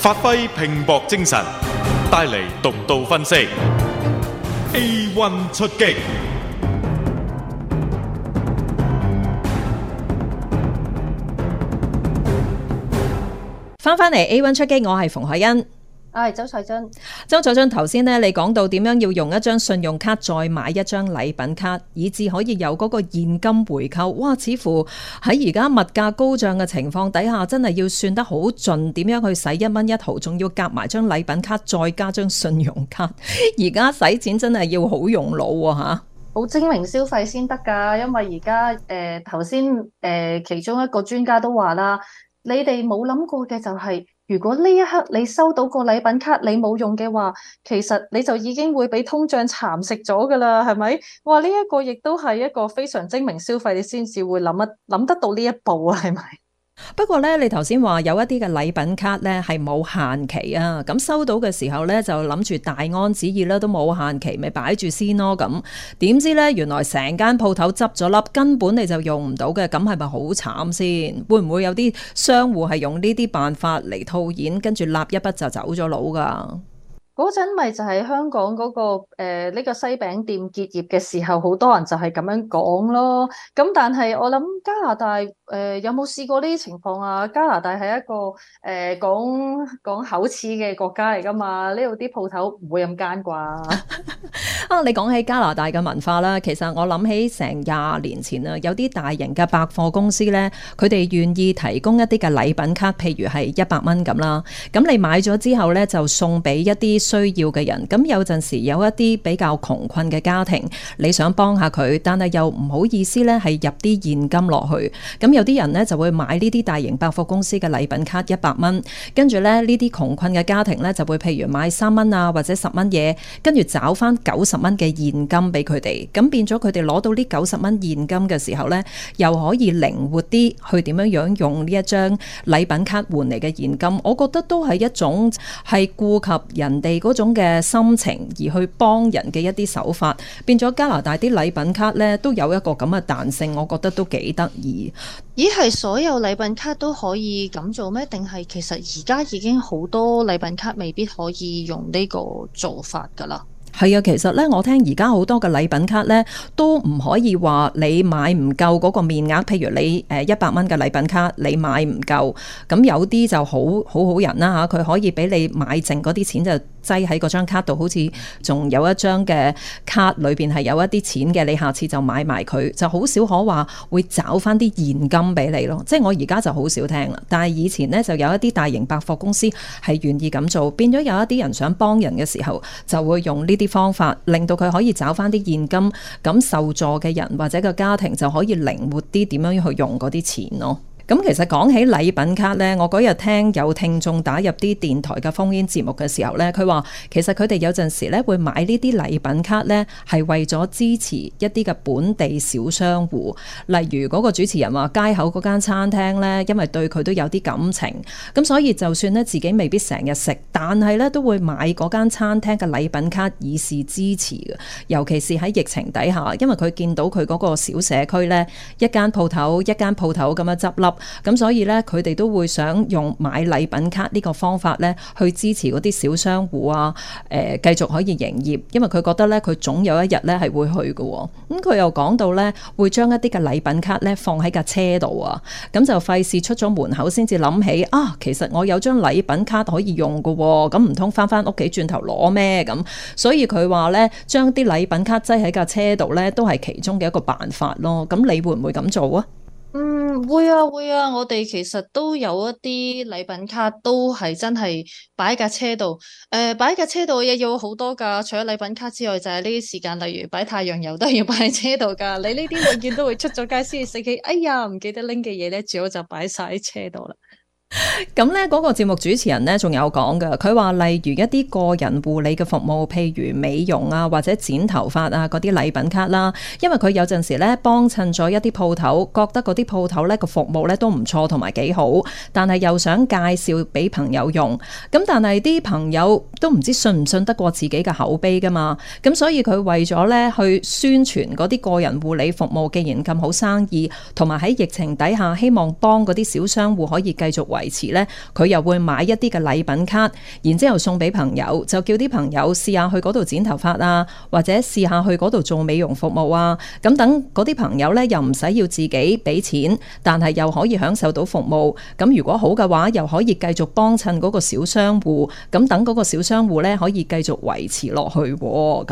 發揮拼搏精神，帶嚟獨到分析。A one 出擊，翻返嚟 A one 出擊，我係馮凱欣。係周采蓁，周采蓁頭先咧你講到點樣要用一張信用卡再買一張禮品卡，以至可以有嗰個現金回扣。哇，似乎喺而家物價高漲嘅情況底下，真係要算得好盡，點樣去使一蚊一毫，仲要夾埋張禮品卡再加張信用卡。而家使錢真係要好用腦吓，好精明消費先得噶。因為而家誒頭先誒其中一個專家都話啦。你哋冇諗過嘅就係，如果呢一刻你收到個禮品卡，你冇用嘅話，其實你就已經會俾通脹蠶食咗噶啦，係咪？哇，呢一個亦都係一個非常精明消費，你先至會諗一諗得到呢一步啊，係咪？不過咧，你頭先話有一啲嘅禮品卡咧係冇限期啊，咁收到嘅時候咧就諗住大安旨意咧都冇限期咪擺住先咯，咁點知咧原來成間鋪頭執咗笠，根本你就用唔到嘅，咁係咪好慘先？會唔會有啲商戶係用呢啲辦法嚟套現，跟住攬一筆就走咗佬噶？嗰陣咪就係香港嗰、嗰個呢、呃呢個西餅店結業嘅時候，好多人就係咁樣講咯。咁但係我諗加拿大誒、呃、有冇試過呢啲情況啊？加拿大係一個誒、呃、講講口齒嘅國家嚟㗎嘛？呢度啲鋪頭唔會咁奸啩。 啊！你講起加拿大嘅文化啦，其實我諗起成廿年前啊，有啲大型嘅百貨公司呢，佢哋願意提供一啲嘅禮品卡，譬如係一百蚊咁啦。咁你買咗之後呢，就送俾一啲需要嘅人。咁有陣時有一啲比較窮困嘅家庭，你想幫下佢，但係又唔好意思呢，係入啲現金落去。咁有啲人呢，就會買呢啲大型百貨公司嘅禮品卡一百蚊，跟住呢，呢啲窮困嘅家庭呢，就會譬如買三蚊啊或者十蚊嘢，跟住找翻九十。蚊嘅現金俾佢哋，咁變咗佢哋攞到呢九十蚊現金嘅時候呢，又可以靈活啲去點樣樣用呢一張禮品卡換嚟嘅現金，我覺得都係一種係顧及人哋嗰種嘅心情而去幫人嘅一啲手法，變咗加拿大啲禮品卡呢，都有一個咁嘅彈性，我覺得都幾得意。咦，係所有禮品卡都可以咁做咩？定係其實而家已經好多禮品卡未必可以用呢個做法噶啦？係啊，其實咧，我聽而家好多嘅禮品卡咧，都唔可以話你買唔夠嗰個面額，譬如你誒一百蚊嘅禮品卡，你買唔夠，咁有啲就好好好人啦，啊、嚇，佢可以俾你買剩嗰啲錢就擠喺嗰張卡度，好似仲有一張嘅卡裏邊係有一啲錢嘅，你下次就買埋佢，就好少可話會找翻啲現金俾你咯。即係我而家就好少聽啦，但係以前呢，就有一啲大型百貨公司係願意咁做，變咗有一啲人想幫人嘅時候就會用呢。啲方法令到佢可以找翻啲現金，咁受助嘅人或者個家庭就可以靈活啲點樣去用嗰啲錢咯。咁其實講起禮品卡呢，我嗰日聽有聽眾打入啲電台嘅烽煙節目嘅時候呢，佢話其實佢哋有陣時呢會買呢啲禮品卡呢係為咗支持一啲嘅本地小商戶。例如嗰個主持人話街口嗰間餐廳呢，因為對佢都有啲感情，咁所以就算呢自己未必成日食，但係呢都會買嗰間餐廳嘅禮品卡以示支持。尤其是喺疫情底下，因為佢見到佢嗰個小社區呢，一間鋪頭，一間鋪頭咁樣執笠。咁所以咧，佢哋都會想用買禮品卡呢個方法咧，去支持嗰啲小商戶啊，誒、呃，繼續可以營業。因為佢覺得咧，佢總有一日咧係會去噶、哦。咁、嗯、佢又講到咧，會將一啲嘅禮品卡咧放喺架車度啊。咁就費事出咗門口先至諗起啊，其實我有張禮品卡可以用噶、哦。咁唔通返返屋企轉頭攞咩咁？所以佢話咧，將啲禮品卡擠喺架車度咧，都係其中嘅一個辦法咯。咁、啊、你會唔會咁做啊？嗯，會啊會啊，我哋其實都有一啲禮品卡，都係真係擺喺架車度。誒、呃，擺喺架車度嘢要好多噶，除咗禮品卡之外，就係呢啲時間，例如擺太陽油都要擺喺車度噶。你呢啲物件都會出咗街先至死記，哎呀，唔記得拎嘅嘢咧，最好就擺晒喺車度啦。咁呢，嗰個節目主持人呢，仲有講噶。佢話例如一啲個人護理嘅服務，譬如美容啊，或者剪頭髮啊，嗰啲禮品卡啦。因為佢有陣時呢，幫襯咗一啲鋪頭，覺得嗰啲鋪頭呢個服務呢都唔錯，同埋幾好。但係又想介紹俾朋友用。咁但係啲朋友都唔知信唔信得過自己嘅口碑噶嘛？咁所以佢為咗呢，去宣傳嗰啲個人護理服務，既然咁好生意，同埋喺疫情底下，希望幫嗰啲小商戶可以繼續維持呢，佢又會買一啲嘅禮品卡，然之後送俾朋友，就叫啲朋友試下去嗰度剪頭髮啊，或者試下去嗰度做美容服務啊。咁等嗰啲朋友呢，又唔使要自己俾錢，但係又可以享受到服務。咁如果好嘅話，又可以繼續幫襯嗰個小商戶。咁等嗰個小商戶呢，可以繼續維持落去。咁、哦、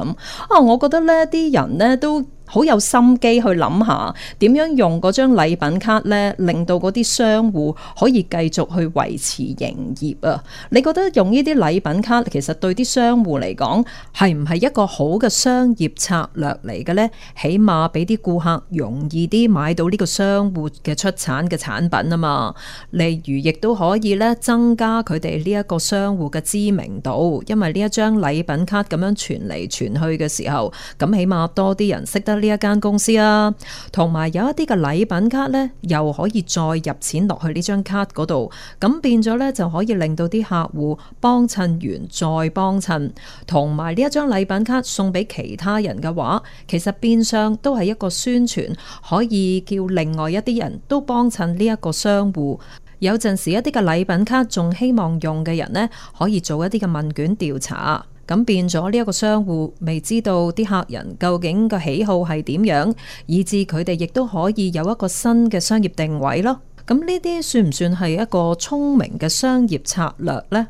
啊，我覺得呢啲人呢，都。好有心機去諗下點樣用張禮品卡咧，令到嗰啲商戶可以繼續去維持營業啊。你覺得用呢啲禮品卡其實對啲商戶嚟講係唔係一個好嘅商業策略嚟嘅咧？起碼俾啲顧客容易啲買到呢個商戶嘅出產嘅產品啊嘛。例如，亦都可以咧，增加佢哋呢一個商戶嘅知名度，因為呢一張禮品卡咁樣傳嚟傳去嘅時候，咁起碼多啲人識得，呢一間公司啊，同埋有，有一啲嘅禮品卡呢，又可以再入錢落去呢張卡嗰度，咁變咗呢，就可以令到啲客戶幫襯完再幫襯，同埋呢一張禮品卡送俾其他人嘅話，其實變相都係一個宣傳，可以叫另外一啲人都幫襯呢一個商戶。有陣時一啲嘅禮品卡仲希望用嘅人呢，可以做一啲嘅問卷調查。咁變咗呢一個商戶未知道啲客人究竟個喜好係點樣，以至佢哋亦都可以有一個新嘅商業定位咯。咁呢啲算唔算係一個聰明嘅商業策略呢？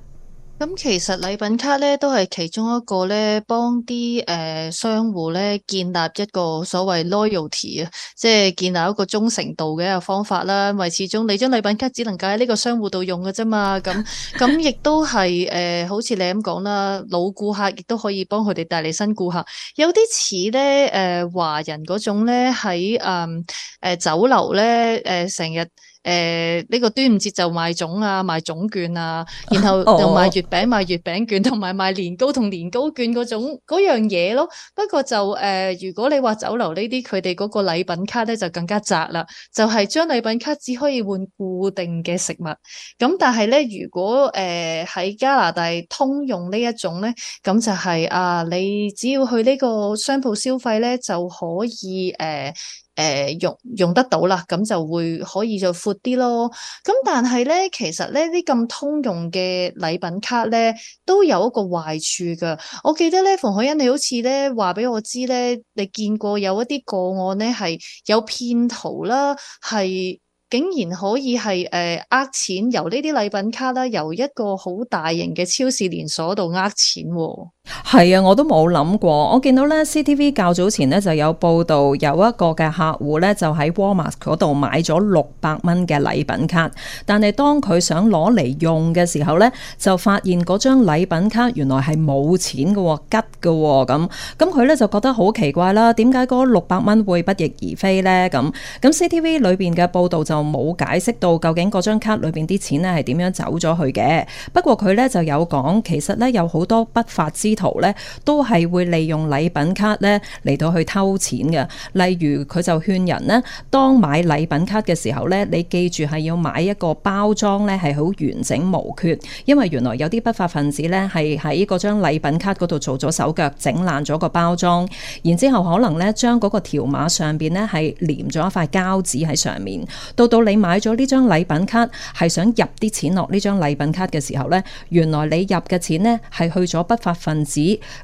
咁其實禮品卡咧都係其中一個咧，幫啲誒、呃、商戶咧建立一個所謂 loyalty 啊，即係建立一個忠誠度嘅一個方法啦。因為始終你將禮品卡只能夠喺呢個商戶度用嘅啫嘛。咁咁亦都係誒，好似你咁講啦，老顧客亦都可以幫佢哋帶嚟新顧客。有啲似咧誒華人嗰種咧喺誒誒酒樓咧誒成日。誒，呢、呃，這個端午節就賣粽啊，賣粽券啊，然後就賣月餅、賣月餅券，同埋賣年糕同年糕券嗰種嗰樣嘢咯。不過就誒、呃，如果你話酒樓呢啲，佢哋嗰個禮品卡咧就更加窄啦，就係、是、將禮品卡只可以換固定嘅食物。咁但係咧，如果誒喺、呃、加拿大通用呢一種咧，咁就係、是、啊，你只要去呢個商鋪消費咧，就可以誒。呃誒、呃、用用得到啦，咁就會可以就闊啲咯。咁但係咧，其實咧啲咁通用嘅禮品卡咧，都有一個壞處嘅。我記得咧，馮凱欣你好似咧話俾我知咧，你見過有一啲個案咧係有騙徒啦，係。竟然可以係誒、呃錢，由呢啲禮品卡啦，由一個好大型嘅超市連鎖度呃錢喎、啊。係啊，我都冇諗過。我見到咧，C T V 較早前咧就有報道，有一個嘅客戶咧就喺 Walmart 嗰度買咗六百蚊嘅禮品卡，但係當佢想攞嚟用嘅時候咧，就發現張禮品卡原來係冇錢嘅、哦，拮嘅咁。咁佢咧就覺得好奇怪啦，點解嗰六百蚊會不翼而飛咧？咁咁 C T V 裏邊嘅報道就。冇解釋到究竟嗰張卡裏邊啲錢呢係點樣走咗去嘅。不過佢呢就有講，其實呢有好多不法之徒呢都係會利用禮品卡呢嚟到去偷錢嘅。例如佢就勸人呢，當買禮品卡嘅時候呢，你記住係要買一個包裝呢係好完整無缺，因為原來有啲不法分子呢係喺嗰張禮品卡嗰度做咗手腳，整爛咗個包裝，然之後可能呢將嗰個條碼上邊呢係黏咗一塊膠紙喺上面，到你買咗呢張禮品卡，係想入啲錢落呢張禮品卡嘅時候呢，原來你入嘅錢呢，係去咗不法分子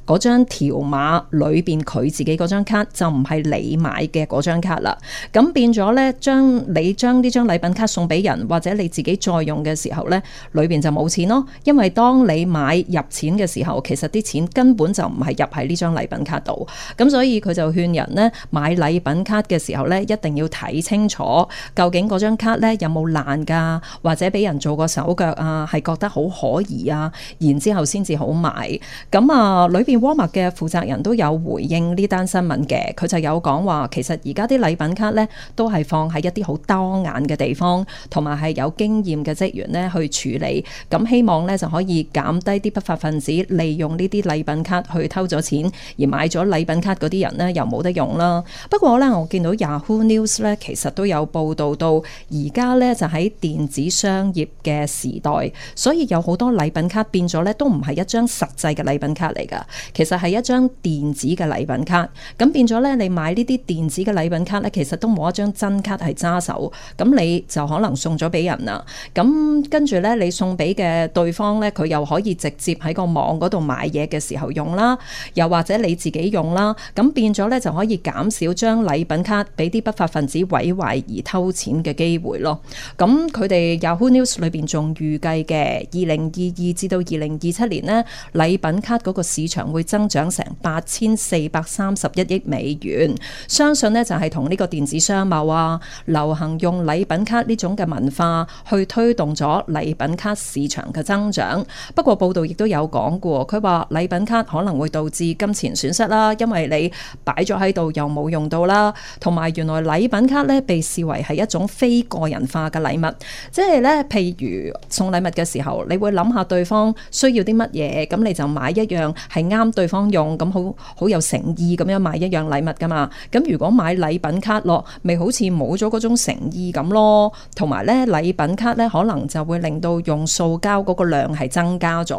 嗰張條碼裏邊佢自己嗰張卡，就唔係你買嘅嗰張卡啦。咁變咗呢，將你將呢張禮品卡送俾人，或者你自己再用嘅時候呢，裏邊就冇錢咯。因為當你買入錢嘅時候，其實啲錢根本就唔係入喺呢張禮品卡度。咁所以佢就勸人呢，買禮品卡嘅時候呢，一定要睇清楚究竟嗰個嗰張卡咧有冇爛噶，或者俾人做個手腳啊？係覺得好可疑啊，然之後先至好買。咁啊，裏面 Walmart 嘅負責人都有回應呢單新聞嘅，佢就有講話，其實而家啲禮品卡呢，都係放喺一啲好當眼嘅地方，同埋係有經驗嘅職員呢去處理。咁希望呢，就可以減低啲不法分子利用呢啲禮品卡去偷咗錢，而買咗禮品卡嗰啲人呢，又冇得用啦。不過呢，我見到 Yahoo News 呢，其實都有報道到。而家咧就喺電子商業嘅時代，所以有好多禮品卡變咗咧，都唔係一張實際嘅禮品卡嚟㗎。其實係一張電子嘅禮品卡，咁變咗咧，你買呢啲電子嘅禮品卡咧，其實都冇一張真卡係揸手，咁你就可能送咗俾人啦。咁跟住咧，你送俾嘅對方咧，佢又可以直接喺個網嗰度買嘢嘅時候用啦，又或者你自己用啦。咁變咗咧，就可以減少將禮品卡俾啲不法分子毀壞而偷錢嘅機會咯，咁佢哋、嗯、Yahoo News 裏邊仲預計嘅二零二二至到二零二七年呢，禮品卡嗰個市場會增長成八千四百三十一億美元。相信呢就係同呢個電子商貿啊、流行用禮品卡呢種嘅文化去推動咗禮品卡市場嘅增長。不過報道亦都有講過，佢話禮品卡可能會導致金錢損失啦，因為你擺咗喺度又冇用到啦，同埋原來禮品卡呢，被視為係一種非個人化嘅禮物，即係咧，譬如送禮物嘅時候，你會諗下對方需要啲乜嘢，咁你就買一樣係啱對方用，咁好好有誠意咁樣買一樣禮物㗎嘛。咁如果買禮品卡咯，咪好似冇咗嗰種誠意咁咯。同埋咧，禮品卡咧，可能就會令到用塑膠嗰個量係增加咗，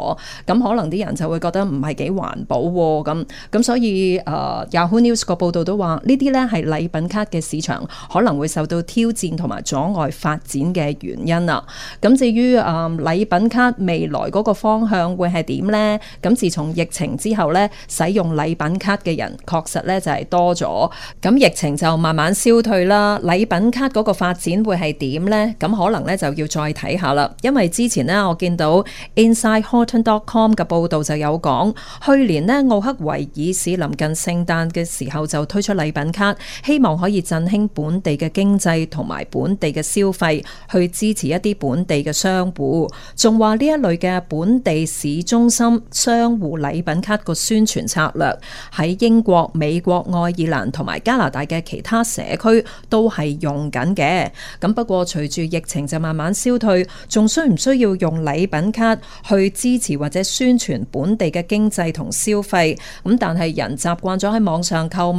咁可能啲人就會覺得唔係幾環保喎。咁咁所以，誒、uh, Yahoo News 個報道都話，呢啲咧係禮品卡嘅市場可能會受到挑戰，同埋。阻礙發展嘅原因啦。咁至於誒禮品卡未來嗰個方向會係點呢？咁自從疫情之後呢，使用禮品卡嘅人確實呢就係多咗。咁疫情就慢慢消退啦，禮品卡嗰個發展會係點呢？咁可能呢就要再睇下啦。因為之前呢，我見到 InsideHorton.com 嘅報道就有講，去年呢奧克維爾市臨近聖誕嘅時候就推出禮品卡，希望可以振興本地嘅經濟同埋。本地嘅消費去支持一啲本地嘅商戶，仲話呢一類嘅本地市中心商戶禮品卡個宣傳策略喺英國、美國、愛爾蘭同埋加拿大嘅其他社區都係用緊嘅。咁不過隨住疫情就慢慢消退，仲需唔需要用禮品卡去支持或者宣傳本地嘅經濟同消費？咁但係人習慣咗喺網上購物，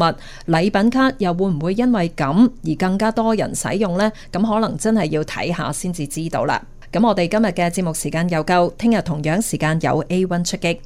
禮品卡又會唔會因為咁而更加多人使用呢？咁可能真係要睇下先至知道啦。咁我哋今日嘅節目時間又夠，聽日同樣時間有 A1 出擊。